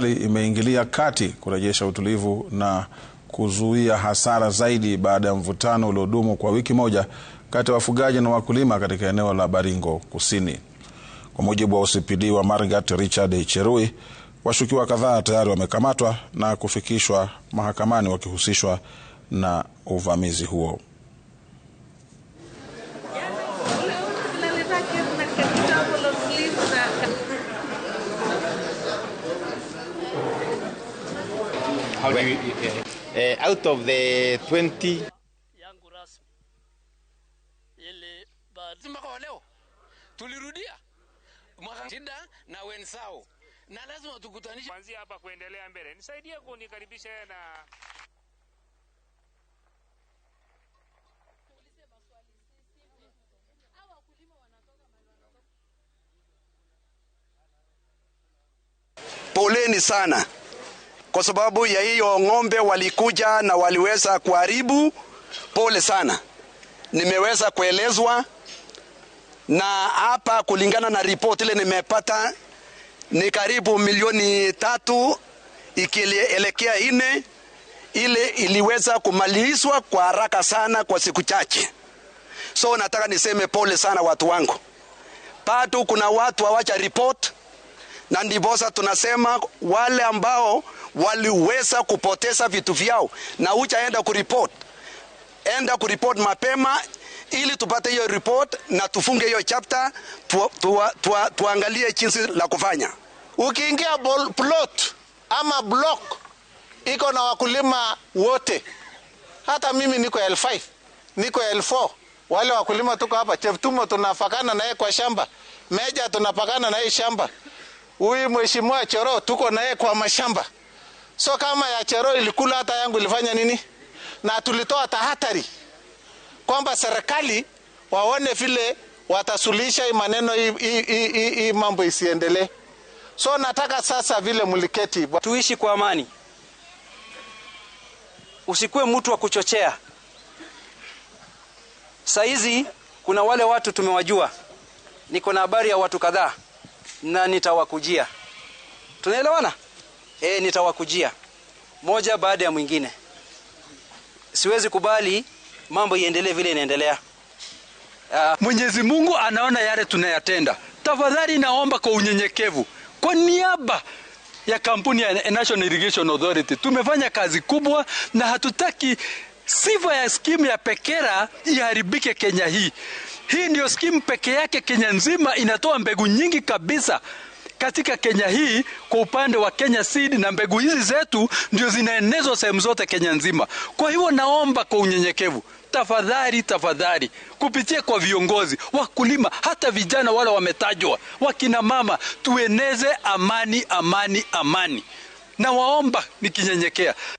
serikali imeingilia kati kurejesha utulivu na kuzuia hasara zaidi baada ya mvutano uliodumu kwa wiki moja kati ya wafugaji na wakulima katika eneo la Baringo Kusini. Kwa mujibu wa OCPD wa Marigat Richard Cherui, washukiwa kadhaa tayari wamekamatwa na kufikishwa mahakamani wakihusishwa na uvamizi huo. How do you, uh, out of the 20 yangu rasmi ile leo tulirudia shida na wenzao na lazima tukutanishe kuanzia hapa kuendelea mbele. Nisaidie kunikaribisha na poleni sana. Kwa sababu ya hiyo ng'ombe walikuja na waliweza kuharibu. Pole sana, nimeweza kuelezwa na hapa, kulingana na ripoti ile nimepata ni karibu milioni tatu ikielekea ine ile iliweza kumalizwa kwa haraka sana kwa siku chache. So nataka niseme pole sana watu wangu, bado kuna watu hawaja report na ndiposa tunasema wale ambao waliweza kupoteza vitu vyao na hujaenda kuripoti, enda kuripoti mapema ili tupate hiyo report na tufunge hiyo chapter tu, tu, tu, tuangalie jinsi la kufanya. Ukiingia plot ama block iko na wakulima wote, hata mimi niko L5 niko L4, wale wakulima tuko hapa Cheptumo tunapakana naye kwa shamba Meja tunapakana naye shamba huyu mheshimiwa Choro tuko naye kwa mashamba, so kama ya Choro ilikula hata yangu ilifanya nini? Na tulitoa tahadhari kwamba serikali waone vile watasuluhisha hii maneno hii mambo isiendelee. So nataka sasa vile mliketi, tuishi kwa amani, usikuwe mtu wa kuchochea. Saizi kuna wale watu tumewajua, niko na habari ya watu kadhaa na nitawakujia. Tunaelewana? E, nitawakujia moja baada ya mwingine. Siwezi kubali mambo iendelee vile inaendelea. Uh, Mwenyezi Mungu anaona yale tunayatenda. Tafadhali naomba kwa unyenyekevu, kwa niaba ya kampuni ya National Irrigation Authority, tumefanya kazi kubwa na hatutaki sifa ya skimu ya Pekera iharibike Kenya hii. Hii ndio skimu peke yake Kenya nzima inatoa mbegu nyingi kabisa katika Kenya hii kwa upande wa Kenya Seed, na mbegu hizi zetu ndio zinaenezwa sehemu zote Kenya nzima. Kwa hivyo naomba kwa unyenyekevu, tafadhali tafadhali, kupitia kwa viongozi, wakulima, hata vijana wale wametajwa, wakina mama, tueneze amani, amani, amani. Nawaomba nikinyenyekea.